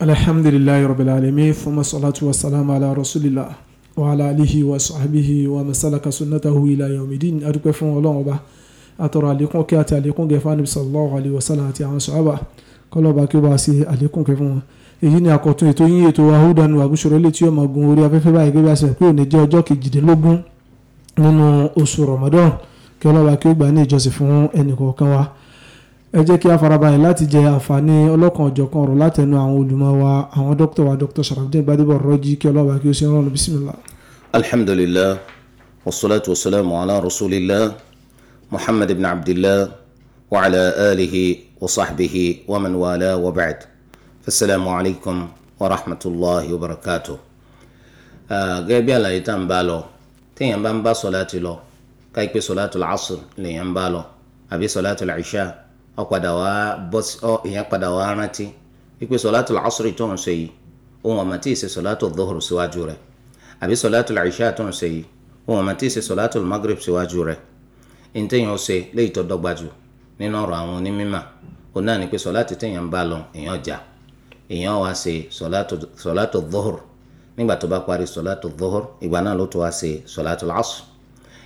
alhamdulilayi rabbil alamin fuma salatu wa salam ala rasulillah wa ala alihi wa sahbihi wa masalaka sunnatahu ila yawmidin adúpẹ́ fún Ọlọ́run ọba atọrọ àlékún kí àti àlékún gẹfà níbi sallallahu alayhi wa sallam àti àwọn sọ̀rọ̀bà kọlọ́ba kí ó bá ṣe àlékún kẹfún wọn. èyí ni àkọ́tún ètò yín ètò ahudan àbúṣọrọ ilé tí yóò máa gun orí afẹ́fẹ́ báyìí gẹ́gẹ́ bí ṣe pé òní jẹ́ ọjọ́ kejìdínlógún nínú oṣù ramadan kí ọlọ́ba kí ó gbà ní ìjọsìn fún ẹnì wa ẹ jẹ́ kí a farabalẹ̀ láti jẹ àǹfààní ọlọ́kan ọ̀jọ̀kan ọ̀rọ̀ látẹnu àwọn olùmọ̀ wa àwọn dókítà wa dr sharafdin gbadebo rọjí kí ọlọ́wà kí ó ṣe rán bisimilá. alhamdulilah wasalaatu wasalaamu ala rasulillah muhammad ibn abdillah wa ala alihi wa sahbihi wa man wala wa ba'd asalaamu alaykum wa rahmatulahi wa barakatu. gẹ́gẹ́ àlàyé tá à ń bá lọ téèyàn ń bá sọ lọ káyipẹ́ sọ ọ̀padà wá bọ́ ìyẹn padà wá rántí wípé sọ̀látù làásùrì tó ń ṣe yìí ohun ọ̀mà tí ì ṣe sọ̀látù dọ́hùrù síwájú rẹ̀ àbí sọ̀látù làìṣà tó ń ṣe yìí ohun ọ̀mà tí ì ṣe sọ̀látù magrib síwájú rẹ̀ ìntẹ̀yìn ọ̀ṣẹ́ léyìí tó dọ́gba jù nínú ọ̀rọ̀ àwọn onímọ̀ òun náà ni pé sọ̀látù tẹ̀yìn bá lọ èèyàn jà èèyàn wá ṣe sọ̀látù dọ́hùrù nígbà tó bá parí sọ̀látù dọ́hùrù ìgbà náà ló tó wá ṣe sọ̀látù làásù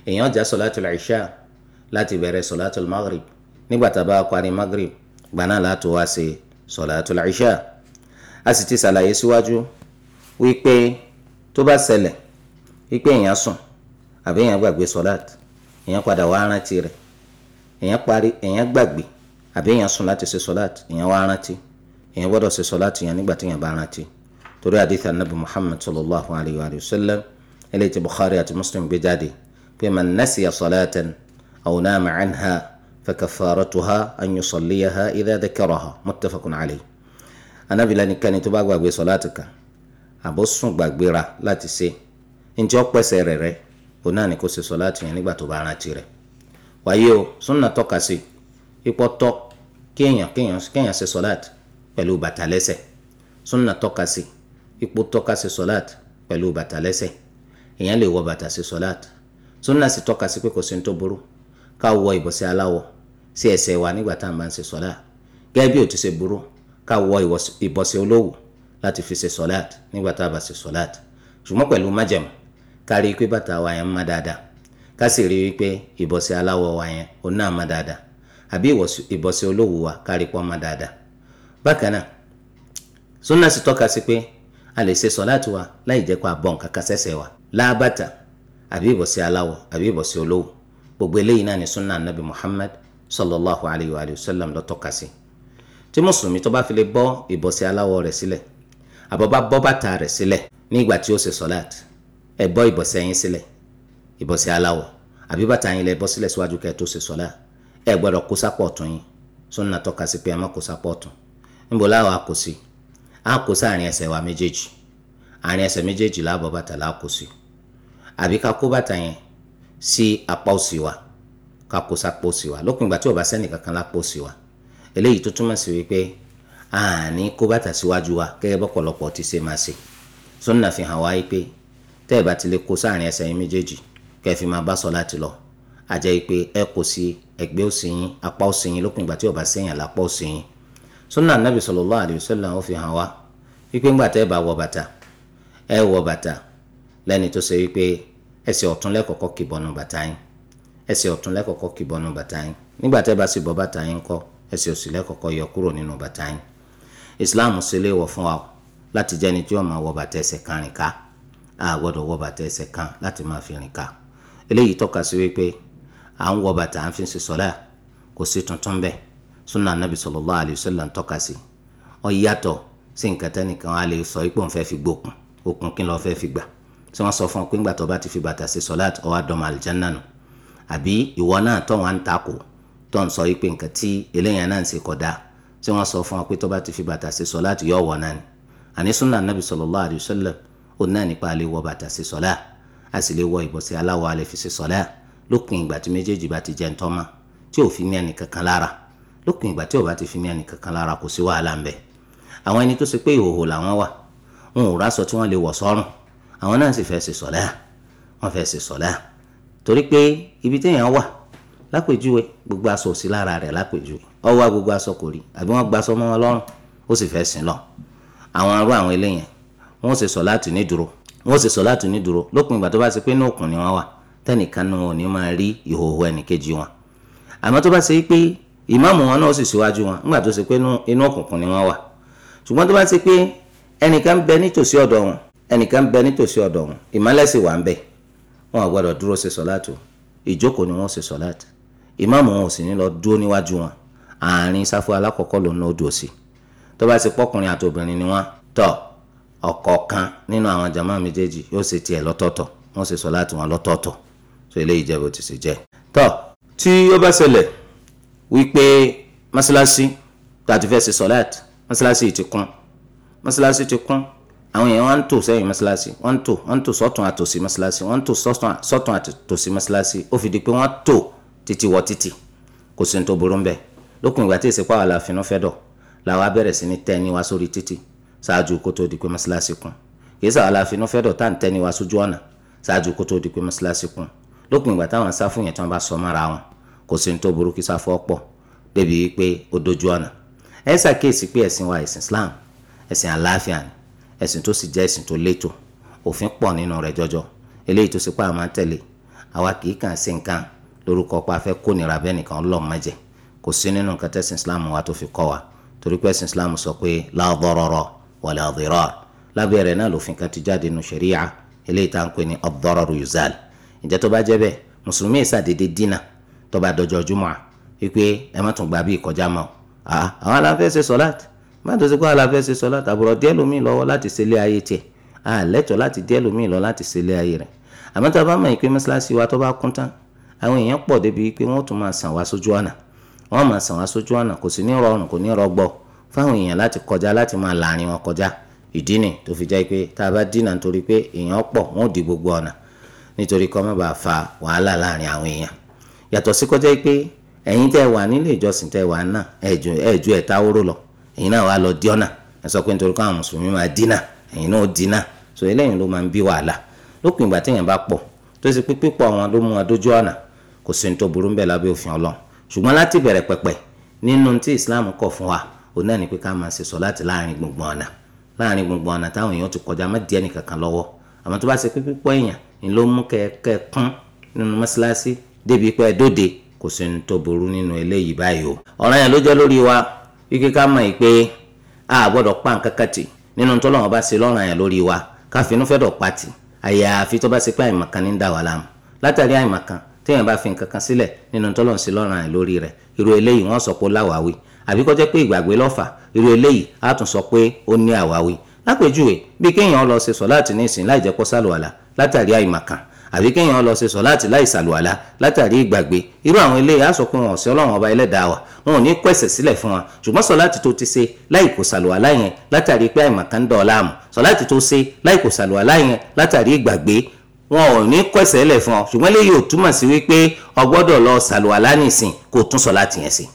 èèyàn jà sọ̀látù làìṣà láti bẹ̀rẹ̀ sọ̀látù magrib nígbà tá a bá parí magrib gbà náà láti wá ṣe sọ̀làtul ìṣà a sì ti ṣàlàyé síwájú wípé tó bá ṣẹlẹ̀ wípé èèyàn sùn àbí èèyàn gbàgbé sọ̀làt èèyàn padà wá rántí rẹ̀ èèyàn parí èèyàn gbàgbé àbí èèyàn sùn láti ṣe sọ̀làt èèyàn wá rántí èèyàn gbọ́dọ̀ ṣe sọ̀làt yẹn nígbà tí èèyàn bá rántí torí àdìsí anabi muhammad sallallahu alayhi wa sallam eléyìí ti àti muslim gbé jáde pé man nasiya sọ̀làtàn aw nama anha فكفارتها أن يصليها إذا ذكرها متفق عليه أنا بلا نكاني تبا غاغوي صلاتك أبو سون غاغبيرا لا تسي إن جو بسي ريري ona ni kò ṣe sọláàtì yẹn nígbà tó bá rántí rẹ̀ wáyé o súnà tọ́ka sí ipò tọ́ kéèyàn kéèyàn kéèyàn ṣe sọláàtì pẹ̀lú bàtà lẹ́sẹ̀ súnà tọ́ka sí ipò tọ́ka ṣe sọláàtì pẹ̀lú bàtà lẹ́sẹ̀ èèyàn lè wọ bàtà ṣe sọláàtì súnà sì tọ́ka sí pé kò sí ní tó burú ká wọ ìbọ̀sẹ̀ aláwọ̀ sí ẹsẹ̀ wa nígbà tá à ń bá ń ṣe sọ́lá gẹ́gẹ́ bí ó ti ṣe burú ká wọ ìbọ̀sẹ̀ olówó láti fi ṣe sọ́lá nígbà tá a bá ṣe sọ́lá ṣùgbọ́n pẹ̀lú májẹ̀mú ká rí i pé bàtà wa yẹn má dáadáa ká sì rí i pé ìbọ̀sẹ̀ aláwọ̀ wa yẹn òun náà má dáadáa àbí ìbọ̀sẹ̀ olówó wa ká rí i pọ́ má dáadáa bákan náà sunna sì tọ́ka sí pé a lè ṣe sọ́lá tiwa láì jẹ́ kó a bọ̀ nǹkan kan sẹ́sẹ̀ wa láàbàtà àbí ìbọ̀sẹ̀ aláwọ̀ àbí ìbọ̀sẹ̀ olówó gbogbo eléyìí náà ni sunna anabi Muhammad sallallahu alayhi wa sallam ló tọ́ka sí tí mùsùlùmí tó bá fi lè bọ́ ìbọ̀sẹ̀ aláwọ̀ rẹ̀ sílẹ̀ àbọ̀bá bọ́ bàtà rẹ̀ sílẹ̀ ní ìgbà tí ó ṣe sọ́láàt ẹ bọ́ ìbọ̀sẹ̀ yín sílẹ̀ ìbọ̀sẹ̀ aláwọ̀ àbí bàtà yín lẹ bọ́ sílẹ̀ síwájú kẹ́ ẹ tó ṣe sọ́lá ẹ gbọ́dọ̀ kó sápọ̀ ọ̀tún yín sunna tọ́ka sí pé ẹ má kó sápọ̀ ọ̀tún níbo láwọ̀ a kò sí a kò sí àárín ẹsẹ̀ wa méjèèjì àárín ẹsẹ̀ méjèèjì láàbọ̀ bàtà láà kò sí àbí ká kó bàtà yẹn sí apá òsì wa ká kó sápò sí wa lópin ìgbà tí ò bá sẹ́nì kankan lápò sí wa eléyìí tó túmọ̀ sí wípé àní kó bàtà síwájú wa gẹ́gẹ́ bọ́pọ̀lọpọ̀ ti ṣe máa ṣe sunna fi hàn wáyé pé tẹ́ ẹ̀ bá ti lè kó sáàrin ẹsẹ̀ yín méjèèjì kẹ́ ẹ fi máa bá sọ láti lọ àjẹ́ pé ẹ kò sí ẹgbẹ́ òsì apá òsì lópin ìgbà tí ò sẹ́yìn lápá òsì yín sunna nabi sallallahu alayhi sallam ó fi hàn wá wípé ńgbà tẹ́ ẹ bá wọ bàtà ẹ wọ bàtà lẹ́ni ẹsẹ̀ ọ̀tún lẹ́kọ̀ọ́kọ́ kì bọ́nú bàtà yín nígbà tẹ́ bá sì bọ́ bàtà yín kọ́ ẹsẹ̀ òsì lẹ́kọ̀ọ́kọ́ yọ kúrò nínú bàtà yín islam ṣe lè wọ̀ fún wa láti jẹ́ ẹni tí ó máa wọ bàtà ẹsẹ̀ kan rìn ká a gbọ́dọ̀ wọ bàtà ẹsẹ̀ kan láti máa fi rìn ká eléyìí tọ́ka sí wípé à ń wọ bàtà à ń fi ṣe sọ́lá kò sí tuntun bẹ́ẹ̀ sunna anabi sallallahu alayhi wa sallam tọ́ka sí ó yàtọ̀ sí nǹkan tẹ́nìkan á lè sọ ipò òun fẹ́ fi gbókun okun kí n lọ fẹ́ fi gbà tí wọ́n sọ fún ọ pé ńgbà tó bá ti fi bàtà ṣe sọ́lá ọwọ́ àdọ́mọ àlìjánnà nù àbí ìwọ náà tó wọn ń takò tó ń sọ yìí pé nǹkan tí eléyàn náà ń ṣe kódà tí wọ́n sọ fún wa pé tó bá ti fi bàtà ṣe sọ láti yọ ọ̀wọ́ náà ni àní súnà nàbì sallallahu alayhi wa sallam ó náà nípa lè wọ bàtà ṣe sọlá a sì lè wọ ìbọ̀sẹ̀ aláwọ̀ alẹ́ fi ṣe sọlá lópin ìgbà tí méjèèjì bá ti jẹ́ ntọ́mọ tí ò fi ní ẹnì kankan lára lópin ìgbà tí ò bá ti fi ní ẹnì kankan lára kò sí wàhálà ń bẹ àwọn ẹni tó ṣe pé ìhòhò làwọn wà wọn ò ráṣọ tí wọ́n lè wọ̀ sọ́rùn àwọn náà sì fẹ́ ṣe sọlá wọ́n fẹ́ ṣe sọlá torí pé ibi téèyàn wà lápèjúwe gbogbo aṣọ òsì lára rẹ̀ lápèjúwe ọwọ́ wa gbogbo aṣọ kò rí àbí wọ́n gbaṣọ mọ́ wọn lọ́rùn ó sì fẹ́ sìn lọ àwọn arú àwọn eléyẹn wọ́n sì sọ láti ní dúró wọ́n sì sọ láti ní dúró lópin ìgbà tó bá ṣe pé inú òkun ni wọ́n wà tẹ́nìkan náà ò ní máa rí ìhòòhò ẹnìkejì wọn àmọ́ tó bá ṣe pé ìmáàmù wọn náà sì síwájú wọn nígbà tó ṣe pé inú òkùnkùn ni wọ́n wà ṣùgbọ́n tó bá ṣe pé ẹnìkan bẹ nítòsí ọ̀dọ̀ wọn ẹnìkan bẹ nítòsí ọ̀dọ̀ wọn ìmọ́lẹ̀ sì wà ń bẹ́ẹ̀ wọn ò gbọ́dọ̀ dúró ṣe sọ̀láàtì o ìjókòó ni wọ́n ṣe sọ̀láàtì ìmáàmù wọn ò sì ní lọ dúró níwájú wọn àárín sáfù alákọ̀ọ́kọ́ lòun náà dùn sí tó bá ti pọ́kùnrin àti obìnrin ni wọ́n tọ̀ ọ̀kọ̀ọ̀kan nínú àwọn jàmá méjèèjì yóò ṣe tiẹ̀ lọ́tọ̀ọ̀tọ̀ wọ́n ṣe sọ̀láàtì wọn lọ́tọ̀ọ̀tọ̀ so eléyìí jẹ́ bó ti ṣe jẹ́ tọ́ tí ó bá ṣẹlẹ̀ wípé mọ́ṣáláṣí tàbí fẹ́ ṣe sọ̀láàtì mọ́ṣáláṣí ti kún mọ́ṣáláṣí ti kún àwọn èèyàn wọn ń tò sẹ́yìn mọ́ṣáláṣí wọ́n ń tò wọ́n ń tò sọ́tún àtòsí mọ́ṣáláṣí wọ́n ń tò sọ́tún àtòsí mọ́ṣáláṣí ó fi di pé wọ́n tò títí wọ títì kò sí ní tó burú bẹ́ẹ̀ lókun ìgbà tí ìsìnkú àwọn àfin náà fẹ́ dọ̀ làwọn abẹ́rẹ́ sí ní tẹ́ni wá sórí títì ṣáájú kó tó di pé mọ́ṣáláṣí kún kì í sàwọn àfin náà fẹ́ dọ̀ tá à ń tẹ́ni wá sójú ọ̀nà ṣáájú kó tó di pé mọ́ṣáláṣí kún lókun ìgbà táwọn sáfù ẹ̀sìn wa Islam ẹ̀sìn àlàáfíà ni ẹ̀sìn tó sì jẹ́ ẹ̀sìn tó létò òfin pọ̀ nínú rẹ̀ jọjọ eléyìí tó sì pa àmà tẹ̀lé àwa kì í kàn sí nǹkan lórúkọ pa fẹ́ kó nira bẹ́ẹ̀ nìkan lọ́ọ́ mẹ́jẹ̀ kò sí nínú nǹkan tẹ́sìn islam wa tó fi kọ́ wa torí pé ẹ̀sìn islam sọ pé la darara wala dirar lábẹ́rẹ̀ náà lòfin kan ti jáde nínú ṣẹ̀ríyà eléyìí tá à ń pè ní ad yuzal ǹjẹ́ tó bá jẹ́ bẹ́ẹ̀ mùsùlùmí ìsàdédé dínà tó bá dọjọ́ jùmọ̀ wípé ẹ má tún gbà bí ìkọjá mọ́ àwọn aláfẹ́ ṣe sọ́láàtì gbàtọ́ sí pé aláfẹ́ ṣe sọ láti àbúrò díẹ̀ lómi lọ́wọ́ láti ṣẹlẹ̀ ayé tiẹ̀ àlẹ́tọ̀ láti díẹ̀ lómi lọ láti ṣẹlẹ̀ ayé rẹ̀ àmọ́ tá a bá mọ̀ yìí pé mọ́ṣáláṣí wa tó bá kún tán àwọn èèyàn pọ̀ débi pé wọ́n tún máa sàn wá sójú ọ̀nà wọ́n máa sàn wá sójú ọ̀nà kò sí ní rọrùn kò ní rọgbọ fáwọn èèyàn láti kọjá láti máa láàrin wọn kọjá ìdí ni tó fi jẹ́ pé tá fa wàhálà láàrin àwọn èèyàn yàtọ̀ sí kọjá pé ẹ̀yin tẹ́ wà nílé ìjọsìn tẹ́ wà náà ẹ ẹ̀ta oró lọ ẹ̀yin náà wàá lọ di ọ̀nà ẹ sọ pé nítorí káwọn mùsùlùmí máa dínà ẹ̀yin náà dínà so eléyìí ló máa ń bí wàhálà lópin ìgbà téèyàn bá pọ̀ tó ṣe pé pípọ̀ wọn ló mú wọn dójú ọ̀nà kò sí ní tó burú ń lábẹ́ òfin ọlọ́run ṣùgbọ́n láti bẹ̀rẹ̀ pẹ̀pẹ̀ nínú tí islam kọ̀ fún wa òun náà ni pé ká máa ṣe sọ láti láàrin gbùngbùn ọ̀nà láàrin gbùngbùn ọ̀nà táwọn èèyàn ti kọjá má di ẹnìkankan lọ́wọ́ àmọ́ tó bá ṣe pé pípọ̀ èèyàn ni ló mú kẹ́ẹ̀kẹ́ kún nínú mọ́ṣáláṣí débi pé dóde kò sí ní tó burú nínú eléyìí báyìí o ọ̀ranyàn ló jẹ́ lórí wa ike ká mọ̀ pé a gbọ́dọ̀ pa nǹkan kan tì nínú tọ́lọ́wọ́n bá ṣe lọ́rùn àyàn lórí wa ká finú fẹ́ dọ̀ pa tì àyàfi tó bá ṣe pé àìmọ̀kan ní dà wà láàmú látàrí àìmọ̀kan téèyàn bá fi nǹkan kan sílẹ̀ nínú tọ́lọ́wọ́n ṣe lọ́rùn àyàn lórí rẹ̀ irú eléyìí wọ́n sọ pé láwàwí àbí kó jẹ́ pé ìgbàgbé lọ́fà irú eléyìí á tún sọ pé ó ní àwáwí lápèjúwe bí kéèyàn lọ ṣe sọ láti ní ìsìn láì jẹ́ kó sálùwàlà látàrí àìmọ̀kan àbí kéèyàn lọ ṣe sọ láti láì ṣàlùwàlá látàrí ìgbàgbé irú àwọn eléyìí á sọ pé wọn ò sí ọlọ́run ọba ẹlẹ́dàá wa wọn ò ní kó ẹ̀ṣẹ̀ sílẹ̀ fún wa ṣùgbọ́n sọ láti tó ti ṣe láì kò ṣàlùwàlá yẹn látàrí pé àìmọ̀kan dọ̀ láàmú sọ láti tó ṣe láì kò ṣàlùwàlá yẹn látàrí ìgbàgbé wọn ò ní kó lẹ̀ fún ṣùgbọ́n eléyìí ò túmọ̀ sí wípé o lọ ṣàlùwàlá nìsín kó tún sọ láti yẹn sí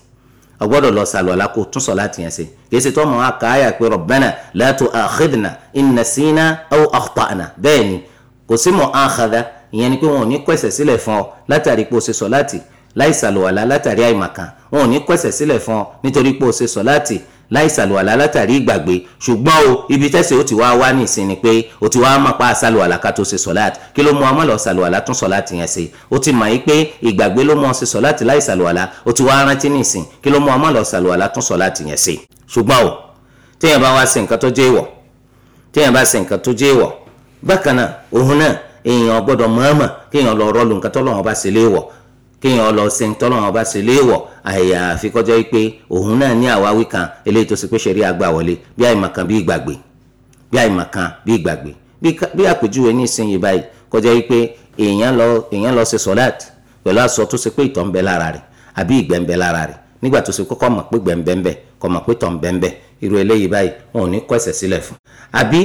o lọ ṣàlùwàlá kó tún sọ láti yẹn sí kìí ṣe tọmọ akáyà pé rabbana la tu'akhidhna in nasina aw bẹ́ẹ̀ ni kò sí mọ àkàdá ìyẹn ni pé wọn ò ní kọ ẹ̀ṣẹ̀ sílẹ̀ fún ọ látàrí pé o ṣe sọ̀láàtì láì ṣàlùwàlá látàrí àìmàkan wọn ò ní kọ ẹ̀ṣẹ̀ sílẹ̀ fún ọ nítorí pé o ṣe sọ̀láàtì láì ṣàlùwàlá látàrí ìgbàgbé ṣùgbọ́n o ibi tẹ́sẹ̀ ó ti wá wá ní ìsinmi pé o ti wá mọ̀ pa àṣàlùwàlá ká tó ṣe sọ̀láàtì kí ló mú ọmọ lọ ṣàlùwàlá tún sọ̀láàtì yẹn ṣe o ti mọ̀ yìí pé ìgbàgbé ló mú ọ ṣe sọ̀láàtì láì ṣàlùwàlá o ti wá rántí ní ìsìn kí ló mú ọmọ lọ ṣàlùwàlá tún sọ̀láàtì yẹn ṣe ṣùgbọ́n o téèyàn bá wá ṣe nǹkan tó jẹ́ ìwọ̀ téèyàn bá ṣe nǹkan tó jẹ́ ìwọ̀ bákan náà òun náà èèyàn gbọ́dọ̀ mọ̀ọ́mọ̀ kéèyàn lọ rọlù nǹkan tọ́lọ́run bá ṣe léèwọ̀ kéèyàn lọ sin tọ́lọ́run bá ṣe léèwọ̀ àyàfi kó jẹ́ pé òun náà ní àwáwí kan eléyìí tó ṣe pé ṣẹ̀rí àgbà wọlé bí àìmọ̀kan bí ìgbàgbé bí àìmọ̀kan bí ìgbàgbé bí àpèjúwe ní ìsinyìí báyìí kó jẹ́ pé èèyàn lọ èèyàn lọ ṣe sọ́láàtì pẹ̀lú aṣọ tó ṣe pé ìtọ̀ ń bẹ lára rẹ̀ àbí ìgbẹ́ ń bẹ lára rẹ̀ nígbà tó ṣe kọ́kọ́ mọ̀ pé gbẹ̀ ń bẹ kọ́ mọ̀ pé tọ̀ ń bẹ irú eléyìí báyìí wọn ò ní kọ́ ẹ̀ṣẹ̀ sílẹ̀ fún. àbí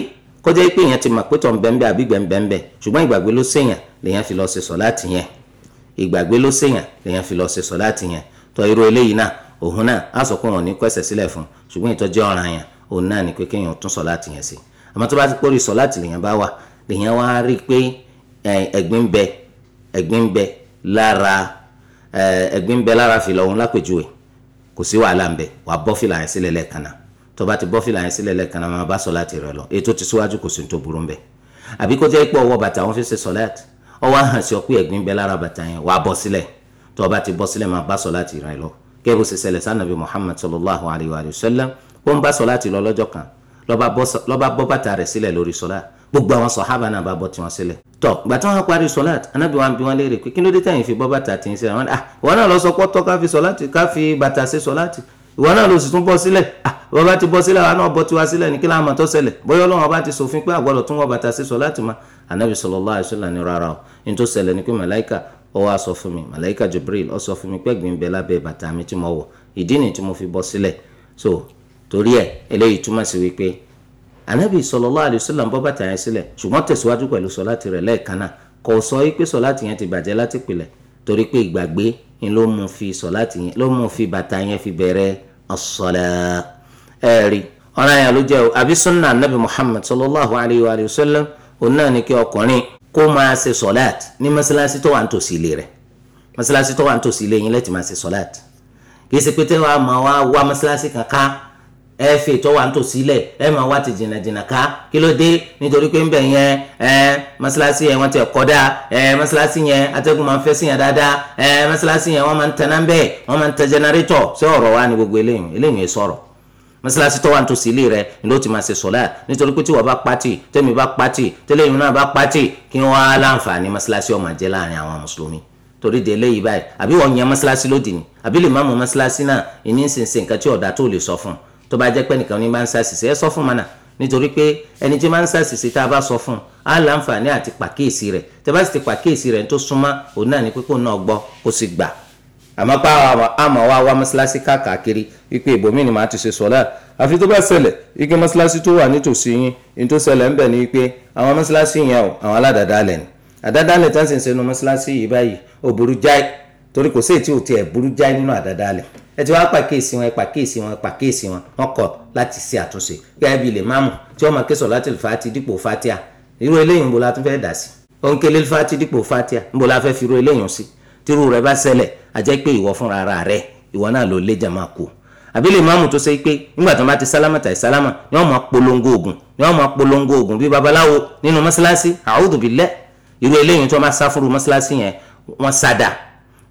kọjá pé èèyàn ti mọ̀ pé tọ̀ ń bẹ́ńbẹ́ àbí gbẹ̀ǹbẹ̀ǹbẹ̀ ṣùgbọ́n ìgbàgbé ló ṣèyàn lèèyàn fi lọ ṣe sọ̀láàtì yẹn ìgbàgbé ló ṣèyàn lèèyàn fi lọ ṣe sọ̀láàtì yẹn tọ́ irú eléyìí náà òun náà á sọ pé ní kọ́ sílẹ̀ fún ṣùgbọ́n ìtọ́jú ọ̀ràn yẹn òun náà ni pé kéèyàn tún sọ̀láàtì yẹn sí àmọ́ tó bá ti pórí sọ̀láàtì lèèyàn bá wà lèèyàn wá rí i pé ẹ̀gbin ń bẹ ẹ̀gbin ń bẹ lára ẹ̀gbin ń bẹ lára fìlà òun lápèjúwe kò sí wàhálà ń bẹ wàá bọ́ fìlà yẹn sílẹ̀ lẹ́ẹ̀kan náà tó bá ti bọ́ fìlà yẹn sílẹ̀ lẹ́ẹ̀kan náà máa bá sọ̀láàtì rẹ lọ ètò ti síwájú kò sí ní tó burú ń bẹ̀ àbí kó jẹ́ pé ọwọ́ bàtà wọn fi ṣe sọ̀láàtì ọwọ́ àhàn sí ọpẹ́ ẹ̀gbin bẹ́ lára bàtà yẹn wàá bọ́ sílẹ̀ tó bá ti bọ́ sílẹ̀ máa bá sọ̀láàtì rẹ lọ kẹ́bù sì ṣẹlẹ̀ sànàbí Muhammad sallallahu alayhi wa sallam ó ń bá sọ̀láàtì lọ lọ́jọ́ kan ló bá bọ́ bàtà rẹ̀ sílẹ̀ lórí sọ̀láàtì gbogbo àwọn sọ̀hábà náà bá bọ́ tiwọn sílẹ̀. tọ́ gbà tí wọ́n parí sọ́láàt anábì wa ń bi léèrè pé kí ló dé tẹ̀yìn fi bọ́ bàtà tì í sílẹ̀ wọ́n ní à ah, náà lọ sọ pọ́ ká fi sọ́láàtì ká fi bàtà sí sọ́láàtì ìwọ náà ló sì tún bọ́ sílẹ̀ ah, ìwọ bá ti bọ́ sílẹ̀ wa náà bọ́ tiwa sílẹ̀ ní kí láàmú tó ṣẹlẹ̀ bóyá ọlọ́run bá ti sòfin pé àgbọ̀dọ̀ tún wọ bàtà sísọ láti ma anabi sallallahu alaihi wasallam ní rárá o ní tó ṣẹlẹ̀ ni pé màláìka ó wá sọ fún mi màláìka Jibril ó sọ fún mi pé gbìn bẹ lábẹ́ bàtà mi tí mo wọ̀ ìdí ni tí mo fi bọ́ sílẹ̀ so torí ẹ eléyìí túmọ̀ sí wípé anabi sallallahu alaihi wasallam bọ́ bàtà yẹn sílẹ̀ ṣùgbọ́n tẹ̀síwájú pẹ̀lú sọ láti rẹ̀ lẹ́ẹ̀kan náà kò sọ torí pé ìgbàgbé ni ló mú fi sọ̀láàtì yẹn ló mú fi bàtà yẹn fi bẹ̀rẹ̀ as-sala ẹ̀rí ọ̀ràn yẹn ló jẹ́ o àbí sunna anabi muhammad sallallahu alayhi wa sallam òun náà ni kí ọkùnrin kó máa ṣe sọ̀láàt ní mọ́ṣáláṣí tó wà ń tòsí ilé rẹ̀ mọ́ṣáláṣí tó wà ń tòsí ilé yẹn lẹ́tì máa ṣe sọ̀láàt kì í ṣe pé tẹ́wàá máa wá mọ́ṣáláṣí kankan ẹ fi ìtọ́ wa nítòsí lẹ̀ ẹ máa wá ti jìnnàjìnnà ká kí ló dé nítorí pé ń bẹ̀ yẹn ẹ mọ́sálásí yẹn wọ́n ti ẹ̀kọ́ dá ẹ mọ́sálásí yẹn atẹ́gùn máa ń fẹ́ sí yẹn dáadáa ẹ mọ́sálásí yẹn wọ́n máa ń tẹná bẹ́ẹ̀ wọ́n máa ń tẹ jẹnẹrétọ̀ ṣé ọ̀rọ̀ wa ni gbogbo eléyìí eléyìí yẹn sọ̀rọ̀ mọ́sálásí tó wà nítòsí ilé rẹ ni ló ti máa ṣe sọ̀lá nítorí pé tí torí de eléyìí báyìí àbí wọ́n yan mọ́sálásí lódì ni àbí lè má mọ mọ́sálásí náà ìní ń sìn nǹkan tí ọ̀dà tó lè sọ fún un tó bá jẹ́ pé nìkan ní máa ń ṣàṣìṣe ẹ sọ fún mọ́nà nítorí pé ẹni tí máa ń ṣàṣìṣe tá a bá sọ fún un á láǹfààní àti pàkíyèsí rẹ̀ tẹ́ bá sì ti pàkíyèsí rẹ̀ tó súnmọ́ òun náà ní pé kó náà gbọ́ kó sì gbà àmọ́ pa àmọ́ wa wá mọ́ṣáláṣí káàkiri wípé ìbòmí ni màá ti ṣe sọ́lá àfi tó bá ṣẹlẹ̀ wípé mọ́ṣáláṣí tó wà nítòsí yín ní tó ṣẹlẹ̀ ńbẹ̀ ni wípé àwọn mọ́ṣáláṣí yẹn o àwọn aládàádáalẹ̀ ni àdáadáalẹ̀ tán sì ń ṣe nu mọ́ṣáláṣí yìí báyìí ó burú jáì torí kò sí èyí ò tiẹ̀ burú jáì nínú àdáadáalẹ̀ ẹ ti wá pàkíyèsí wọn ẹ pàkíyèsí wọn ẹ pàkíyèsí wọn wọn kọ̀ láti ṣe àtúnṣe gẹ́gẹ́ bíi lè máàmù tí wọ́n máa ké sọ̀látìl fàtì dípò fàtíà irú eléyìí ń bo la tún fẹ́ dà sí òun kélé fàtì dípò fàtíà ń bo la fẹ́ fi irú eléyìí sí tírú rẹ̀ bá ṣẹlẹ̀ a jẹ́ pé ìwọ fúnra ara rẹ̀ ìwọ náà ló lé jàmá kú àbí lè máàmù tó ṣe pé nígbà tó ń bá ti sálámà tàì sálámà ni wọ́n máa polongo oògùn ni wọ́n máa polongo oògùn bíi babaláwo nínú mọ́ṣáláṣí a'udhu billah irú eléyìí tó máa sá fúru mọ́ṣáláṣí yẹn wọ́n sádà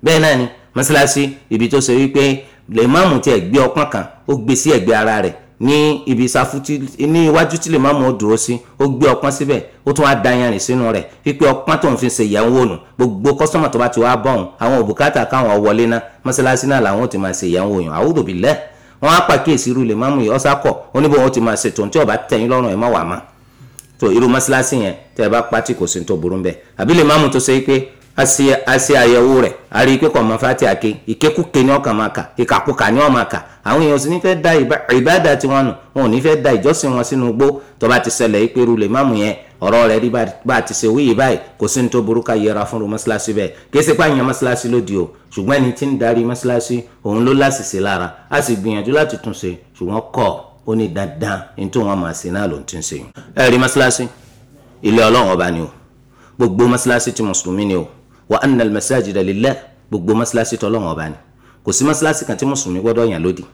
bẹ́ẹ̀ náà ni mọ́ṣáláṣí ibi tó ṣe wípé lèmáàmù tiẹ̀ gbé ọpọ́n kan ó gbé sí ẹ̀gbẹ́ ara rẹ̀ ní ibi sáfútì ní iwájú tí lèmáàmù ó dúró sí ó gbé ọpọ́n síbẹ̀ ó tún wá da yanrìn sínú rẹ̀ pípé ọpọ́n tó ń fi ṣe ìyẹ̀wò nù gbogbo kọ́sọ́mà tó bá ti wá bọ̀hún àwọn òbúkátà káwọn wọlé ná mọ́sálásí náà làwọn ò ti máa ṣe ìyẹ̀wò yàn àwùdò bí lẹ́ wọ́n á pàkíyèsí irú lèmáàmù yìí ọ́sákọ̀ oníbò tó ṣe pé a ṣe àyẹ̀wò rẹ̀ a rí i pé kọ̀ọ̀mọ́ fati àké ìkékùké ni ọkàn máa kà ìkàkùkà ni ọmọ kà àwọn èèyàn sì ní fẹ́ da ìbáàdà tiwọn nù wọn ò ní fẹ́ da ìjọsìn wọn sínú igbó tó bá ti ṣẹlẹ̀ yìí pé rúlẹ̀ máàmù yẹn ọ̀rọ̀ rẹ̀ rí bá a ti ṣe wíyì báyìí kò sí ní tó burú ká yẹra fún mọ́ṣáláṣí bẹ́ẹ̀ kì í ṣe pé àyàn mọ́ṣáláṣí ló o ṣùgbọ́n ẹni tí ń gbogbo mọ́ṣáláṣí ti mùsùlùmí ni o wa anna al-masajida lillah gbogbo mọ́sálásí tọ́lọ́run ọba ni kò sí mọ́sálásí kan tí mùsùlùmí gbọ́dọ̀ yàn lódì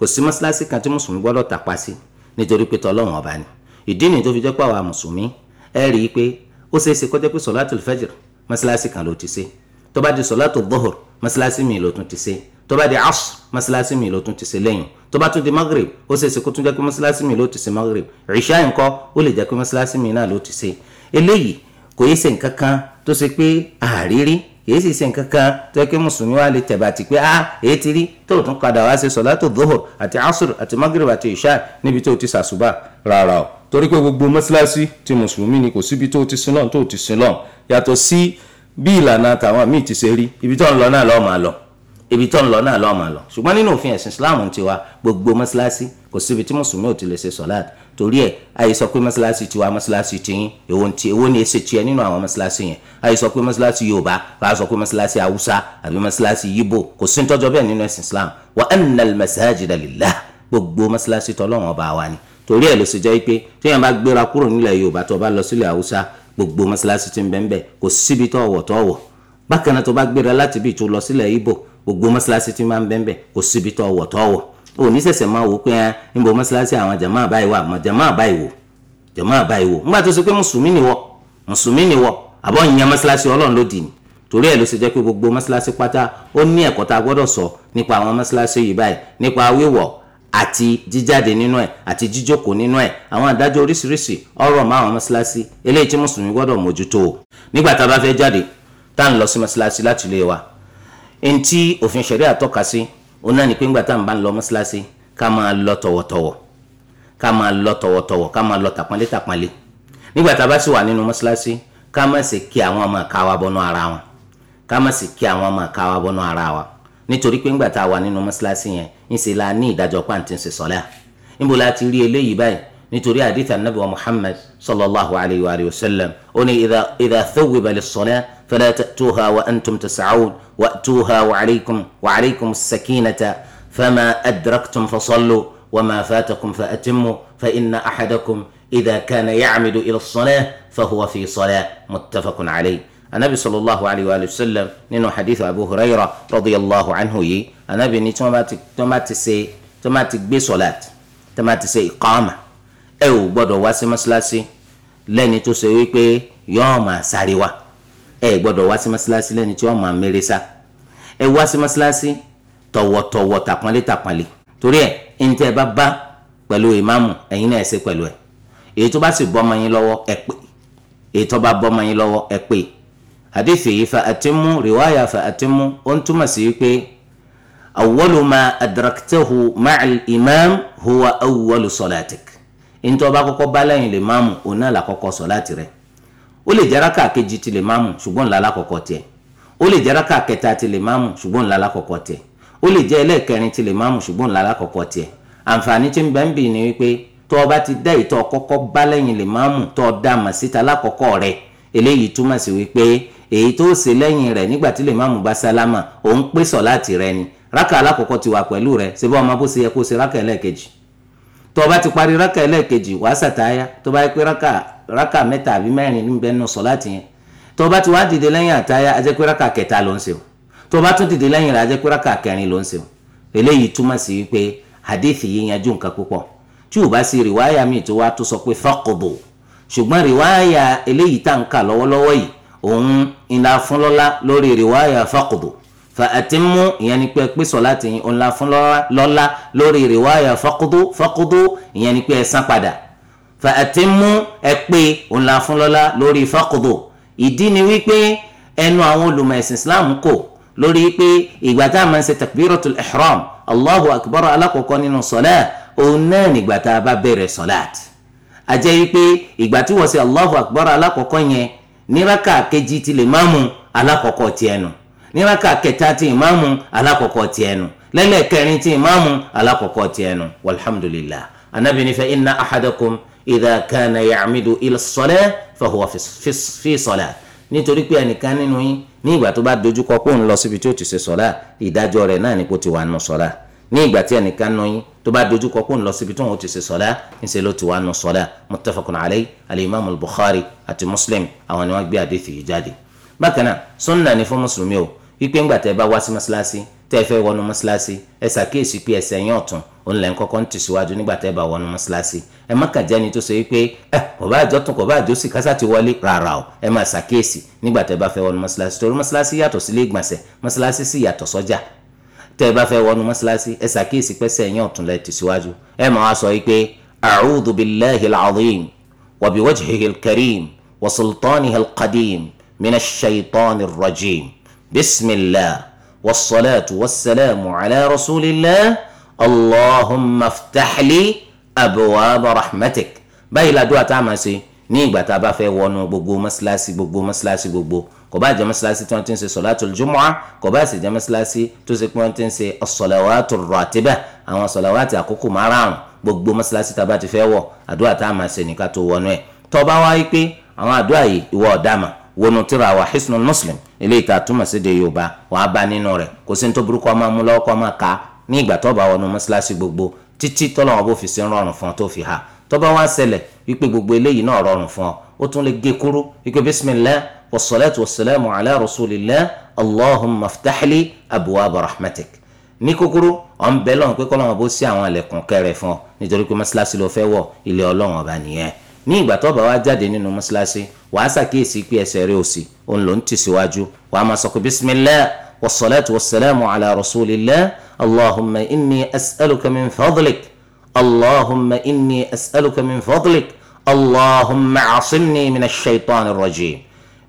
kò sí mọ́sálásí kan tí mùsùlùmí gbọ́dọ̀ tàpá sí nítorí pé tọ́lọ́run ọba ni ìdí nìyí tó fi jẹ́ pé àwa mùsùlùmí ẹ rí i pé ó ṣeé ṣe kó jẹ́ pé sọ̀látù fẹ́jìr mọ́sálásí kan ló ti ṣe tó bá di sọ̀látù dọ́hùr mọ́sálásí mi ló tún ti ṣe tó bá di asr mọ́sálásí mi ló tún ti ṣe lẹ́yìn tó bá tún di maghrib ó ṣeé ṣe kó tún jẹ́ pé tó ṣe pé àrírí èyí sì ṣe nǹkan kan tó yẹ kí mùsùlùmí wa lè tẹ̀bà tí pé a ah, èyí ti rí tó tún padà wá ṣe sọ̀látò dóhùr àti asùr àti magrib àti ìṣá níbi tó ti ṣàṣùbà rárá o torí pé gbogbo mọ́ṣáláṣí ti mùsùlùmí ni kò síbi tó ti sin lọ́n tó ti sin lọ́n yàtọ̀ sí bí ìlànà tàwọn míì ti ṣe rí ibi tó ń lọ náà lọ́ọ́ máa lọ ibi tó ń lọ náà lọ́ọ́ máa lọ ṣùgbọ́n nínú òfin ẹ̀sìn torí ẹ àyè sọ pé mọ́ṣáláṣí tiwa mọ́ṣáláṣí tiyín èwo ti èwo ni èsè tiẹ̀ nínú àwọn mọ́ṣáláṣí yẹn àyè sọ pé mọ́ṣáláṣí yorùbá àyè sọ pé mọ́ṣáláṣí haúsá àbí mọ́ṣáláṣí yíbò kò sí nítọ́jọ́ bẹ́ẹ̀ nínú ẹ̀sìn islam wa annal masajida lillah gbogbo mọ́ṣáláṣí tọ́lọ́run ọba wa ni torí ẹ ló ṣe jẹ́ pé téèyàn bá gbéra kúrò nílẹ̀ yorùbá tó bá lọ sílẹ̀ haúsá gbogbo o ní sẹ̀sẹ̀ máa wò pé ń bọ mọ́ṣáláṣí àwọn jàmáà báyìí wà àmọ́ jàmáà báyìí wò jàmáà báyìí wò nígbà tó ṣe pé mùsùlùmí ni wọ mùsùlùmí ni wọ àbọ̀ ìyẹn mọ́ṣáláṣí ọlọ́run ló dì ní torí ẹ̀ ló ṣe jẹ́ pé gbogbo mọ́ṣáláṣí pátá ó ní ẹ̀kọ́ tá a gbọ́dọ̀ sọ nípa àwọn mọ́ṣáláṣí yìí báyìí nípa wíwọ̀ àti jíjáde nínú ẹ̀ àti jíjókòó nínú ẹ̀ àwọn adájọ́ oríṣiríṣi ọ̀rọ̀ mọ́ àwọn mọ́ṣáláṣí eléyìí tí mùsùlùmí gbọ́dọ̀ mójútó o nígbà tá a bá fẹ́ jáde tá à ń lọ sí mọ́ṣáláṣí láti ilé wa ẹni òfin ṣẹ̀rí àtọ́ka sí òun náà ni pé ńgbà tá à ń bá ń lọ mọ́ṣáláṣí ká máa lọ tọ̀wọ̀tọ̀wọ̀ ká máa lọ tọ̀wọ̀tọ̀wọ̀ ká máa lọ tàpọ́nlé tàpọ́nlé nígbà tá a bá sì wà nínú mọ́ṣáláṣí ká má sì kí àwọn ọmọ àka wa bọ́nú ara wọn ká má sì kí àwọn ọmọ àka wa bọ́nú ara wa nítorí pé ńgbà tá a wà nínú mọ́ṣáláṣí yẹn ńṣe la ní ìdájọ́ pàǹtí ń sọ́lá níbo la ti rí eléyìí báyìí nítorí àdìtà nàbẹ̀wá muhammad sallallahu alayhi wa sallam ó ní idha thawwiba lis-salah fala ta'tuha wa antum tas'un wa'tuha wa alaykum wa alaykum as-sakinata fama adraktum fasallu وما فاتكم فأتموا فإن أحدكم إذا كان يعمد إلى الصلاة فهو في صلاة متفق عليه anabi sallallahu alayhi wa sallam nínú hadith abu huraira radiyallahu anhu yìí anabi ní tí wọn bá ti ṣe tí wọn bá ti gbé sọlát tí wọn bá ti ṣe ìkọ́mà ẹ ò gbọ́dọ̀ wá sí mọ́ṣáláṣí lẹ́ni tó ṣe wípé yọ́ọ̀ máa sáré wa ẹ gbọ́dọ̀ wá sí mọ́ṣáláṣí lẹ́ni tí wọ́n máa méré sá ẹ wá sí mọ́ṣáláṣí tọ̀wọ̀tọ̀wọ̀ tàpọ́nlé tàpọ́nlé torí ẹ ẹni tẹ́ ẹ bá bá pẹ̀lú ìmáàmù ẹ̀yin náà ẹ ṣe pẹ̀lú ẹ èyí tó bá sì bọ́mọ yín lọ́wọ́ ẹ pé èyí tó bá bọ́mọ yín lọ́wọ́ ẹ pé hadithi yìí fa atimu riwaya fa atimu ó ń túmọ̀ sí wípé awwalu ma adraktahu ma'al imam huwa awwalu solatik ntọ́ bá kọ́kọ́ bá lẹ́yìn lè máàmù òun náà là kọ́kọ́ sọ láti rẹ̀ ó lè jẹ́ rákà kejì ti lè máàmù ṣùgbọ́n ńlá lákọ̀ọ́kọ́ tiẹ̀ ó lè jẹ́ rákà kẹta ti lè máàmù ṣùgbọ́n ńlá lákọ̀ọ́kọ́ tiẹ̀ ó lè jẹ́ ẹlẹ́ẹ̀kẹrin ti lè máàmù ṣùgbọ́n ńlá lákọ̀ọ́kọ́ tiẹ̀ àǹfààní tí ń bẹ ń bì ni wípé tọ́ ọ bá ti dá ìtọ́ kọ́kọ́ bá lẹ́yìn lè máàmù tọ́ ọ dá mà síta lákọ̀ọ́kọ́ rẹ̀ eléyìí túmọ̀ sí wípé èyí tó ṣe lẹ́yìn rẹ̀ nígbà tí lè máàmù bá sálámà òun pèsò láti rẹ ni rákà alákọ̀ọ́kọ́ ti wà pẹ̀lú rẹ̀ ṣe bá ọmọ bó ṣe yẹ kó ṣe rákà ẹlẹ́ẹ̀kejì tó o bá ti parí rákà ẹlẹ́ẹ̀kejì wàá sàtáyà tó o bá yẹ pé rákà rákà mẹ́ta àbí mẹ́rin níbẹ̀ nù sọ̀láàtì yẹn tó o bá ti wá dìde lẹ́yìn àtáyà ajẹ́ pé rákà kẹta ló ń ṣe o tó o bá tún dìde lẹ́yìn rẹ̀ ajẹ́ pé rákà kẹrin ló ń ṣe o eléyìí túmọ̀ sí wípé hadith yìí yanjú nǹkan púpọ̀ tí o bá sí rìwáyà míì tó wá tó sọ pé faqdu ṣùgbọ́n rìwáyà eléyìí tá à ń kà lọ́wọ́lọ́wọ́ yìí òun ìlà fúnlọ́lá lórí rìwáyà faqdu fa atimmu ìyẹn ni pé pé sọ̀láàtì yín òun la fún lọ́lá lórí rìwáyà faqdu faqdu ìyẹn ni pé ẹ san padà fa atimmu ẹ pé òun la fún lọ́lá lórí faqdu ìdí ni wípé ẹnu àwọn olùmọ̀ ẹ̀sìn Islam kò lórí pé ìgbà tá a máa ń ṣe takbiratul ihram allahu akbar alákọ̀ọ́kọ́ nínú sọ̀lá òun náà nígbà tá a bá bẹ̀rẹ̀ sọ̀láàtì àjẹ́ wípé ìgbà tí wọ́n ṣe allahu akbar alákọ̀ọ́kọ́ yẹn níraka kejì ti lè máàmù alákọ̀ọ́kọ́ tiẹ̀ nù níraka kẹta ti ìmáàmù alákọ̀ọ́kọ́ ti ẹnu lẹ́lẹ́kẹrin ti ìmáàmù alákọ̀ọ́kọ́ ti ẹnu walhamdulillah anabi nífẹ̀ inna ahadakum idha kana ya'midu ila salah fahuwa fi salah nítorí pé ẹnìkan nínú yín ní ìgbà tó bá dojúkọ pé òun lọ síbi tí ó ti ṣe sọlá ìdájọ́ rẹ̀ náà ni kò ti wà nù sọlá ní ìgbà tí ẹnìkan nù yín tó bá dojúkọ pé òun lọ síbi tí òun ti ṣe sọlá ńṣe ló ti wà nù sọlá muttafaqun alayhi al-imam àti muslim àwọn ni wọ́n gbé àdéhìí jáde. bákan náà sunna ni fún mùsùlùmí o wípé ńgbà tẹ́ bá wá sí mọ́ṣáláṣí tẹ́ fẹ́ wọnú mọ́ṣáláṣí ẹ ṣàkíyèsí pé ẹsẹ̀ yín ọ̀tún òun lẹ́ ń kọ́kọ́ ń tẹ̀síwájú nígbà tẹ́ bá wọnú mọ́ṣáláṣí ẹ má kàn jẹ́ni tó ṣe wípé ẹ eh, kò bá àjọtún kò bá àjọsí kásá ti wọlé rárá o ẹ máa ṣàkíyèsí nígbà tẹ́ bá fẹ́ wọnú mọ́ṣáláṣí torí mọ́ṣáláṣí yàtọ̀ sílé ìgbọ̀nsẹ̀ mọ́ṣáláṣí sì yàtọ̀ sọ́jà tẹ́ bá fẹ́ wọnú mọ́ṣáláṣí ẹ ṣàkíyèsí pẹ́sẹ̀ yín ọ̀tún lẹ́ tẹ̀síwájú ẹ máa wá sọ wípé a'udhu billahi al-azim wa biwajhihi al-karim wa sultanihi al-qadim min ash بسم الله والصلاة والسلام على رسول الله اللهم افتح لي أبواب رحمتك باي la dúà tá a máa ṣe ní ìgbà tá a bá fẹ́ wọnú gbogbo mọ́ṣáláṣí gbogbo mọ́ṣáláṣí gbogbo kò bá jẹ́ mọ́ṣáláṣí tí wọ́n ti ń ṣe sọ̀látùl jumu'ah kò bá sì jẹ́ mọ́ṣáláṣí tó ṣe pé wọ́n ti ń ṣe as-salawatur ratibah àwọn sọ̀làwátì àkókò márààrún gbogbo mọ́ṣáláṣí tá a bá ti fẹ́ wọ̀ àdúrà tá a máa ṣe nìkan tó wọnú ẹ̀ tó bá wáyé pé àwọn àdúrà yìí ìwọ ọ̀dàmà wọnú tíra wa Hisnul Muslim eléyìí tá a túmọ̀ sí de Yorùbá wàá bá nínú rẹ̀ kò sí ní tó burúkú ọmọ amúlọ́ ọkọ ọmọ ká ní ìgbà tó bá wọnú mọ́ṣáláṣí gbogbo títí tọ́lọ́wọ́n bó fi sí rọrùn fún ọ tó fi ha tó bá wá ṣẹlẹ̀ wípé gbogbo eléyìí náà rọrùn fún ọ ó tún lè gé kúrú wípé bismillah wassalatu wassalamu ala rasulillah allahumma iftahli abwaaba rahmatik ní kúkúrú ọ̀n bẹ́ẹ̀ lọ́n pé kọ́lọ́wọ́n bó sí àwọn ilẹ̀kùn kẹrẹ̀ fún ọ nítorí pé mọ́ṣáláṣí ló fẹ́ wọ̀ ilé ọlọ́wọ́n ọba nìyẹn ní ìgbà tó bá wá jáde nínú mọ́ṣáláṣí wàá ṣàkíyèsí pé ẹsẹ̀ rẹ òsì òun ló ń tì síwájú wàá máa sọ pé bismillah wasalaatu wasalaamu ala rasulillah allahumma inni as'aluka min fadlik allahumma inni as'aluka min fadlik allahumma asimni min ash-shaytan ar-rajim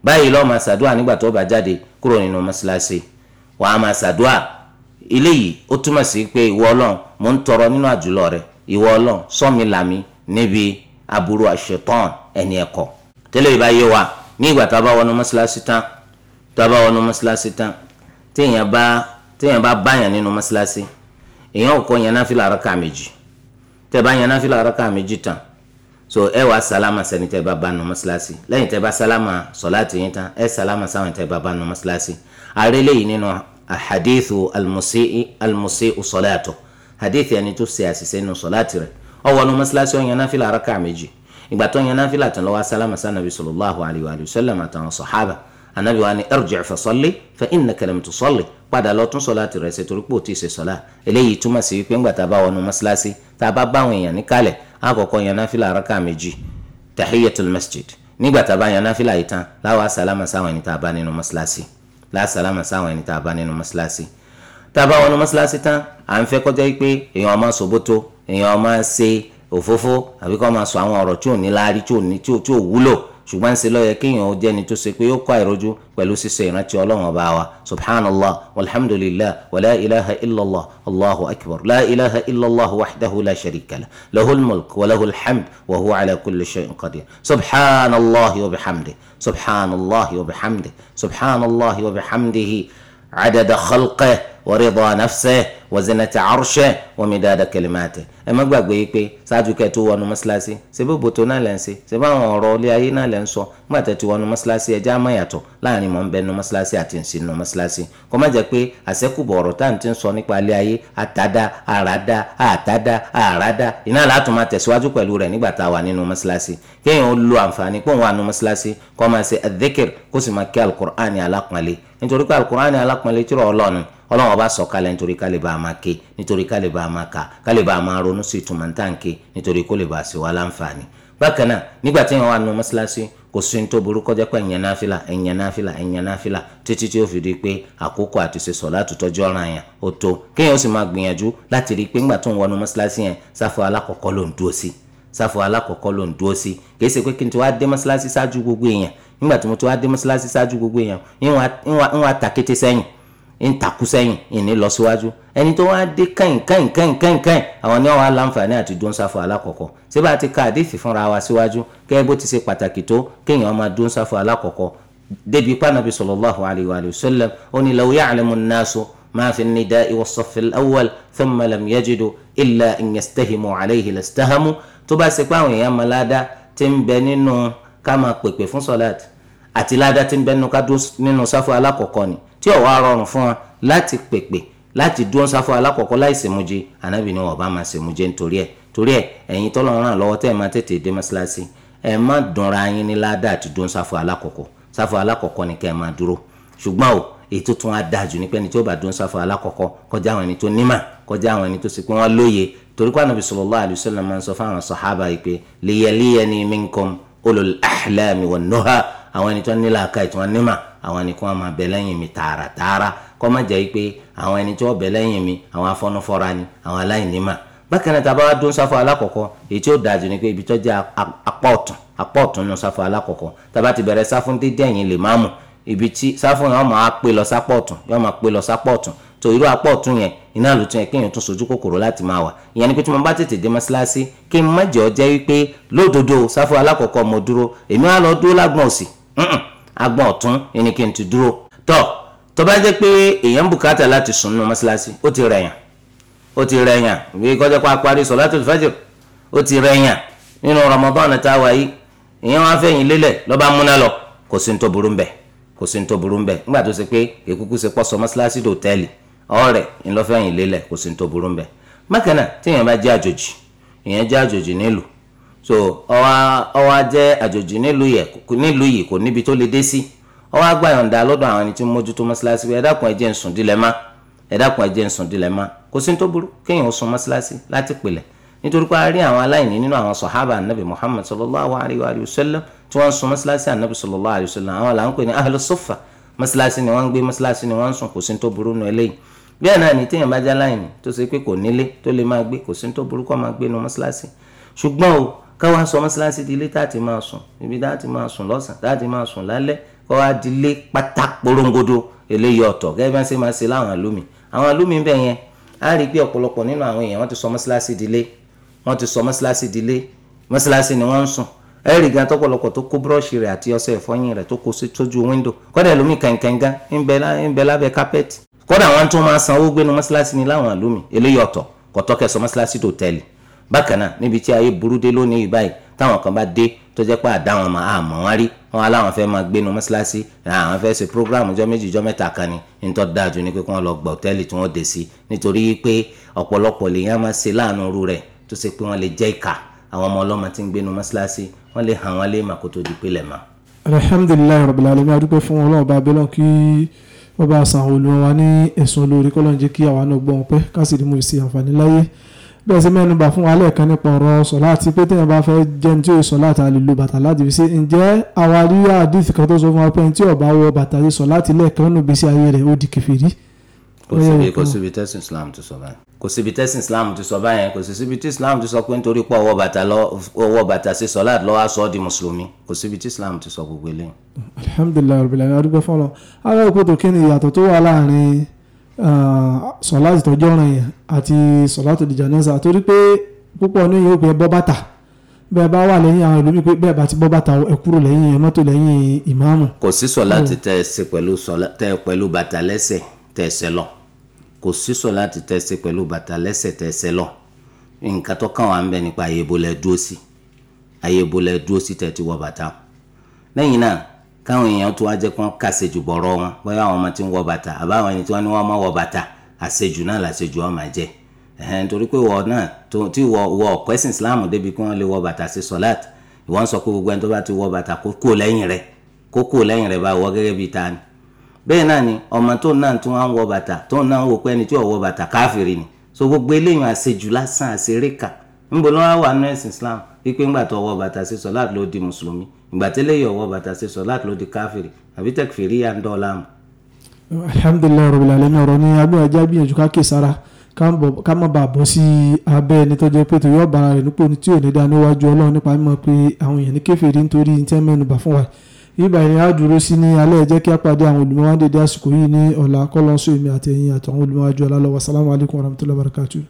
báyìí lọ́ọ́ máa ṣàdúrà nígbà tó bá jáde kúrò nínú mọ́ṣáláṣí wàá máa ṣàdúrà eléyìí ó túmọ̀ sí pé ìwọ ọlọ́run mò ń tọrọ nínú àjùlọ rẹ ìwọ ọlọ́run ṣọ́ mi níbi aburú àṣetán ẹni ẹ̀kọ́ tẹ́lẹ̀ ìbá yé wa ní ìgbà tá a bá wọnú mọ́ṣáláṣí tán tá a bá wọnú mọ́ṣáláṣí tán téèyàn bá téèyàn bá báyàn nínú mọ́ṣáláṣí èèyàn ò kọ́ yẹn náfìlà rákà méjì tẹ́ bá yẹn náfìlà rákà méjì tán so ẹ wàá sálámà sẹni tẹ́ bá bá nu mọ́ṣáláṣí lẹ́yìn tẹ́ bá sálámà sọ̀láàtì yín tán ẹ sálámà sáwọn tẹ́ bá bá nu mọ́ṣáláṣí àrélé yìí nínú àhàdíìtù almusii almusii sọ̀láàtọ̀ àdíìtì ẹni tó ṣe àṣìṣe nínú sọ̀láàtì rẹ̀ ọwọ́ nu mọ́sálásí ọ̀yàn náà fìlà araka méjì ìgbà tó ọ̀yàn náà fìlà tán lọ́wọ́ sálámà sànàbí sallallahu alayhi wa sallam àtàwọn sọ̀hábà anabi wa ni irji' fa salli fa innaka lam tusalli padà lọ tún sọlá tìrẹ ṣe torí pé ò tí ì ṣe sọlá eléyìí túmọ̀ sí wípé ńgbà tá a bá wọnú mọ́sálásí tá a bá báwọn èèyàn níkàlẹ̀ àkọ́kọ́ yan náfìlà araka méjì tahiyatul masjid nígbà tá a bá yan náfìlà yìí tán láwa sálámà sáwọn ẹni tá a bá nínú mọ́sálásí láwa sálámà sáwọn ẹni tá a bá nínú mọ́sálásí tá a bá wọnú mọ́sálásí tán à ń fẹ́ kọjá yìí èèyàn ọmọ sòbótó èèyàn máa ṣe òfófó àbí kó máa sọ àwọn ọ̀rọ̀ tí ò ní láárí tí ò ní tí ò wúlò ṣùgbọ́n ṣe lọ́yẹ kéèyàn ó jẹ́ni tó ṣe pé ó kọ́ àìrọ́jú pẹ̀lú ṣíṣe ìrántí ọlọ́run ọba wa subhanallah walhamdulillah wala ilaha illallah allahu akbar la ilaha illallah wahdahu la sharika la lahul mulk wa lahul hamd wa huwa ala kulli shay'in qadir subhanallah wa bihamdi subhanallah wa bihamdi subhanallah wa bihamdihi adada khalqihi. ورضا نفسه وزنة عرشه ومداد كلماته ẹ má gbàgbé yìí pé ṣáájú kẹ́ tó wọnú mọ́ṣáláṣí ṣebí bòtó náà lẹ́ ń ṣe ṣebí àwọn ọ̀rọ̀ ilé ayé náà lẹ́ ń sọ nígbà tẹ́ ti wọnú mọ́ṣáláṣí ẹjẹ́ àmọ́yàtọ̀ láàrin mọ̀ ń bẹ nu mọ́ṣáláṣí àti ń sinú mọ́ṣáláṣí kó má jẹ́ pé àṣẹ́kùbọ̀ ọ̀rọ̀ tá à ń ti sọ nípa ilé ayé àtàdá àràdá àtàdá àràdá iná látò máa tẹ̀síwájú nítorí pé alukur'ani alápọ̀nlé tí ọlọ́run ọlọ́run ọba sọ kalẹ̀ nítorí ká lè bá a máa ké nítorí ká lè bá a máa kà ká lè bá a máa ronú sí ìtumọ̀ ní tàǹkì nítorí kó lè bá a ṣe wá láǹfààní. bákan náà nígbà tí èèyàn wà nù mọ́ṣáláṣí kò sí ní tó burú kọjá pé ẹ̀yàn náfìlà ẹ̀yàn náfìlà ẹ̀yàn náfìlà títí tí ó fi di pé àkókò àti ṣe sọ̀láàtù tọ́jú ọ̀ràn yẹn ó tó kéèyàn ó sì máa gbìyànjú láti rí i pé ńgbà tó ń wọnú mọ́ṣáláṣí yẹn sáfù alákọ̀ọ́kọ́ ló ń dúró sí i sáfù alákọ̀ọ́kọ́ ló ń dúró sí kìí ṣe pé kí n ti wá dé mọ́ṣáláṣí ṣáájú gbogbo èèyàn nígbà tí mo ti wá dé mọ́ṣáláṣí ṣáájú gbogbo èèyàn ń wá takété sẹ́yìn ń takú sẹ́yìn ìní lọ síwájú ẹni tó wá dé kẹ́yìn kẹ́yìn kẹ́yìn kẹ́yìn kẹ́yìn àwọn ni wọ́n á láǹfààní àti dún sáfù alákọ̀ọ́kọ́ ṣé bá ti ka àdéhìí fúnra wa síwájú kẹ́ bó ti ṣe pàtàkì tó kéèyàn máa dún sáfù alákọ̀ọ́kọ́ débi pànàbí alayhi wa ما في النداء والصف الأول ثم لم يجدوا إلا أن يستهموا عليه لاستهموا tó bá ṣe pé àwọn èèyàn mọ ládá tí ń bẹ nínú ká máa pèpè fún sọláàtì àti ládá tí ń bẹ nínú sáfù alákọ̀ọ́kọ́ ni tí ó wá rọrùn fún wọn láti pèpè láti dúró sáfù alákọ̀ọ́kọ́ láì ṣèmúje ànábì ni wọn bá máa ṣèmúje nítorí ẹ̀ torí ẹ̀ ẹ̀yin tọ́lọ́ ràn lọ́wọ́ tẹ́ ẹ máa tètè dé mọ́ṣáláṣí ẹ má dùnra yín ní ládá àti dúró sáfù alákọ̀ọ́kọ́ sáfù alákọ̀ọ́kọ́ ni kẹ́ ẹ máa dúró ṣùgbọ́n o èyí tó tún á dáa jù ní pé ẹni tí ó bá dún sáfù alákọ̀ọ́kọ́ kọjá àwọn ẹni tó nímà kọjá àwọn ẹni tó sì pé wọ́n lóye torí pa anabi sallallahu alayhi wa sallam máa ń sọ fáwọn sàhábà yìí pé liyaliyani minkum ulul ahlami wan nuha àwọn ẹni tó ní làákàyè tí wọ́n ní mà àwọn ẹni kí wọ́n máa bẹ lẹ́yìn mi tààràtààrà kó má jẹ́ pé àwọn ẹni tí wọ́n bẹ lẹ́yìn mi àwọn afọ́nufọ́ra ni àwọn aláìní mà bákan náà tábà wá dún sáfọ alákọ̀ọ́kọ́ èyí tí ó dájú ni pé ibi tó jẹ́ apá ọ̀tún apá ọ̀tún nù sáfọ alákọ̀ọ́kọ́ tábà ti bẹ̀rẹ̀ sáfún dédé ẹ̀yìn lè máàmù ibi tí sáfún yẹn wọ́n máa pé lọ sápọ̀ ọ̀tún yọ́n máa pé lọ sápọ̀ ọ̀tún tó irú apá ọ̀tún yẹn iná ló tún yẹ kéèyàn tún sojú kòkòrò láti máa wà ìyẹn ni pé tí mo bá tètè dé mọ́ṣáláṣí kí n má jẹ́ ọ jẹ́ wípé lódodo sáfù alákọ̀ọ́kọ́ mo dúró èmi á lọ dúró lágbọ̀n òsì agbọ̀n ọ̀tún ẹni kí n ti dúró tọ́ tó bá jẹ́ pé èèyàn bùkátà láti sùn nínú mọ́ṣáláṣí ó ti rẹ̀yàn ó ti rẹ̀yàn bí kọjá pa parí sọ̀látùl fájìr ó ti rẹ̀yàn nínú Ramadan tá a wà yìí èèyàn wá fẹ̀yìn lélẹ̀ ló bá múná lọ kò sí ní tó burú ń bẹ̀ kò sí ní tó burú ń bẹ̀ nígbà tó ṣe pé èkúkú ṣe pọ̀ sọ mọ́ṣáláṣí dò ọ̀rẹ́ ńlọ́fẹ̀yìn lélẹ̀ kò sí ní tó burú mbẹ̀ bákan náà téèyàn bá jẹ́ àjòjì èèyàn jẹ́ àjòjì nílùú so ọwọ́ jẹ́ àjòjì nílùú yìí kò níbi tó le dé sí ọwọ́ agbá yọ̀ǹda lọ́dọ̀ àwọn ẹni tí ń mójútó mọ́ṣáláṣí pé ẹ̀dàkùn ẹ̀jẹ̀ ń sùn dilẹ̀ má ẹ̀dàkùn ẹ̀jẹ̀ ń sùn dilẹ̀ má kò sí ní tó burú kéèyàn ó sun mọ́ṣáláṣí láti pèlẹ̀ nítorí pé a rí àwọn aláìní nínú àwọn sọ̀hábà anabi muhammad sallallahu alayhi wa sallam tí wọ́n ń sun mọ́ṣáláṣí anabi sallallahu alayhi wa sallam àwọn là ń pè ní ahlus sufa mọ́ṣáláṣí ni wọ́n ń gbé mọ́ṣáláṣí ni wọ́n ń sùn kò sí tó burú nù eléyìí bí ẹ̀ náà ní téèyàn bá já láìní tó ṣe pé kò nílé tó lè máa gbé kò sí tó burúkọ máa gbé nu mọ́ṣáláṣí ṣùgbọ́n o káwá sọ mọ́ṣáláṣí di ilé tá a ti máa sùn ibi tá a ti máa sùn lọ́sàn-án tá a ti máa sùn lálẹ́ kọ́wá di ilé pátá porongodo eléyìí ọ̀tọ̀ gẹ́gẹ́ bí wọ́n ṣe máa ṣe láwọn àlùmí àwọn àlùmí bẹ̀ yẹn á rí i pé ọ̀pọ̀lọpọ̀ nínú àwọn èèyàn wọ́n ti sọ mọ́ṣáláṣí di ilé gan tọ́pọ̀lọpọ̀ tó kó búrọ́ọ̀ṣì rẹ̀ àti ọṣẹ ìfọyín rẹ̀ tó kó sí tójú wíńdò kọ́dà lómi kàǹkàǹgá ń bẹ lábẹ́ kápẹ́ẹ̀tì kódà wọn tún máa sanwó gbénu mọ́ṣáláṣí ni láwọn àlómi eléyìí ọ̀tọ̀ kọ̀tọ́ kẹsàn mọ́ṣáláṣí tó tẹ̀lé bákan náà níbi tí ayé burú dé lónìí báyìí táwọn kan bá dé tó jẹ́ pé àdáwọn máa àmọ́ wọn rí wọn aláwọn fẹ́ máa gbénu mọ́ṣáláṣí àwọn fẹ́ ṣe prógráàmù jọ méjì jọ mẹ́ta kan ni nítọ́ dájú ni pé kí wọ́n lọ gbọ́ tẹ́lì tí wọ́n dé sí nítorí pé ọ̀pọ̀lọpọ̀ lèèyàn máa ṣe láàánú ru rẹ̀ tó ṣe pé wọ́n lè jẹ́ ìkà àwọn ọmọ ọlọ́mọ tí ń gbénu mọ́ṣáláṣí wọ́n lè hàn wọ́n lé màkótó di pé lẹ̀ mọ́. alhamdulilayi rabbil alamin adúpẹ́ fún ọlọ́run bá abẹ́lẹ́ kí wọ́n bá san àwọn olùwọ́n wa ní ẹ̀sùn olórí kọ́lọ́n jẹ́ kí àwa náà gbọ́ wọn pẹ́ ká sì rí mú ìsì àǹfààní láyé bẹ́ẹ̀ sí mẹ́nu bà fún wa lẹ́ẹ̀kan nípa ọ̀rọ̀ sọ̀láàtì pé téèyàn bá fẹ́ jẹ́ ní tí yóò sọ̀láàtì àlèlò bàtà láti fi ṣe ǹjẹ́ àwa rí àdìsí kan tó sọ fún wa pé ní tí ó wọ bàtà yìí sọ̀láàtì lẹ́ẹ̀kan nù gbèsè ayé rẹ̀ ó di kẹfìrí kò síbi kò islam ti sọ báyìí kò síbi islam ti sọ báyìí Kosibiti sí islam ti sọ pé nítorí pé ọwọ́ bàtà ọwọ́ bàtà sí sọláàtì lọ́wọ́ aṣọ di mùsùlùmí kò síbi islam ti sọ gbogbo eléyìí. alhamdulilayi rabbil alamin adúgbò fọlọ ara ìkótó kí ni ìyàtọ̀ tó wà láàrin sọláàtì tó jọràn yẹn àti sọláàtì di jánásà torí pé púpọ̀ ní yóò pé bọ́ bàtà bẹ́ẹ̀ bá wà lẹ́yìn àwọn ìlú mi pé bẹ́ẹ̀ bá ti bọ́ bàtà ẹ kúrò lẹ́yìn ẹ mọ́tò lẹ́yìn ìmáàmù. kò sí sọláàtì tẹ ẹ pẹ̀lú bàtà lẹ́sẹ̀ tẹ ẹsẹ̀ lọ kò sí sọ̀láàtì tẹ̀sẹ̀ pẹ̀lú bàtà lẹ́sẹ̀ tẹ̀sẹ̀ lọ nǹkan tó kàn wá ń bẹ nípa àyè ibo lẹ dúró sí àyè ibo lẹ dúró sí tẹ̀ ti wọ bàtà lẹ́yìn náà káwọn èèyàn tó wá jẹ́ kó kàṣe jù bọ̀rọ̀ wọn bóyá àwọn ọmọ tí ń wọ bàtà àbáwọn ẹni tí wọ́n ní wọ́n máa wọ bàtà àṣejù náà làṣejù wọn máa jẹ ẹ̀hẹ́n torí pé wọ́n náà tí wọ ọ̀kọ́ ẹ̀sìn Islam débi kí wọ́n lè wọ bàtà sí sọ̀láàtì ìwọ́n sọ pé gbogbo ẹni tó bá ti wọ bàtà kó kúrò lẹ́yìn rẹ̀ kó kúrò lẹ́yìn rẹ̀ bá gẹ́gẹ́ bíi ta ni bẹ́ẹ̀ náà ni ọmọ tó náà tó ń wọ bàtà tó náà wò pé ẹni tí ò wọ bàtà káfìrí ni so gbogbo eléyìn àṣejù lásán àṣeréka níbo ló wá wà nú ẹ̀sìn Islam wípé ńgbà tó wọ bàtà ṣe sọ̀láàt ló di mùsùlùmí ìgbà tẹ́lẹ̀ yìí ọwọ́ bàtà ṣe sọ̀láàt ló di káfìrí àbí tẹ̀kfìrí yà ń dọ́ọ̀lá mu. alhamdulilayi rabbil alamin ọ̀rọ̀ ni agbóhùn ajá gbìyànjú ká kè sára ká má bàa bọ́ sí abẹ́ ẹni tó jẹ́ pé tó yọ bàrà rẹ̀ nípò tí ò ní dá níwájú Ọlọ́run nípa mímọ̀ pé àwọn èèyàn ní kèfèrí nítorí ní tẹ́ mẹ́nu bà fún wa bíbá ìrìn àdúró sí ní alẹ́ ẹ̀jẹ̀ kí a pàdé àwọn olùmọ̀ wá dédé àsìkò yìí ní ọ̀la kọ́lọ́sọ èmi àtẹ̀yìn àtàwọn olùmọ̀ àjọ ọ̀la lọ́wọ́ wa rahmatulahi wa barakatuh.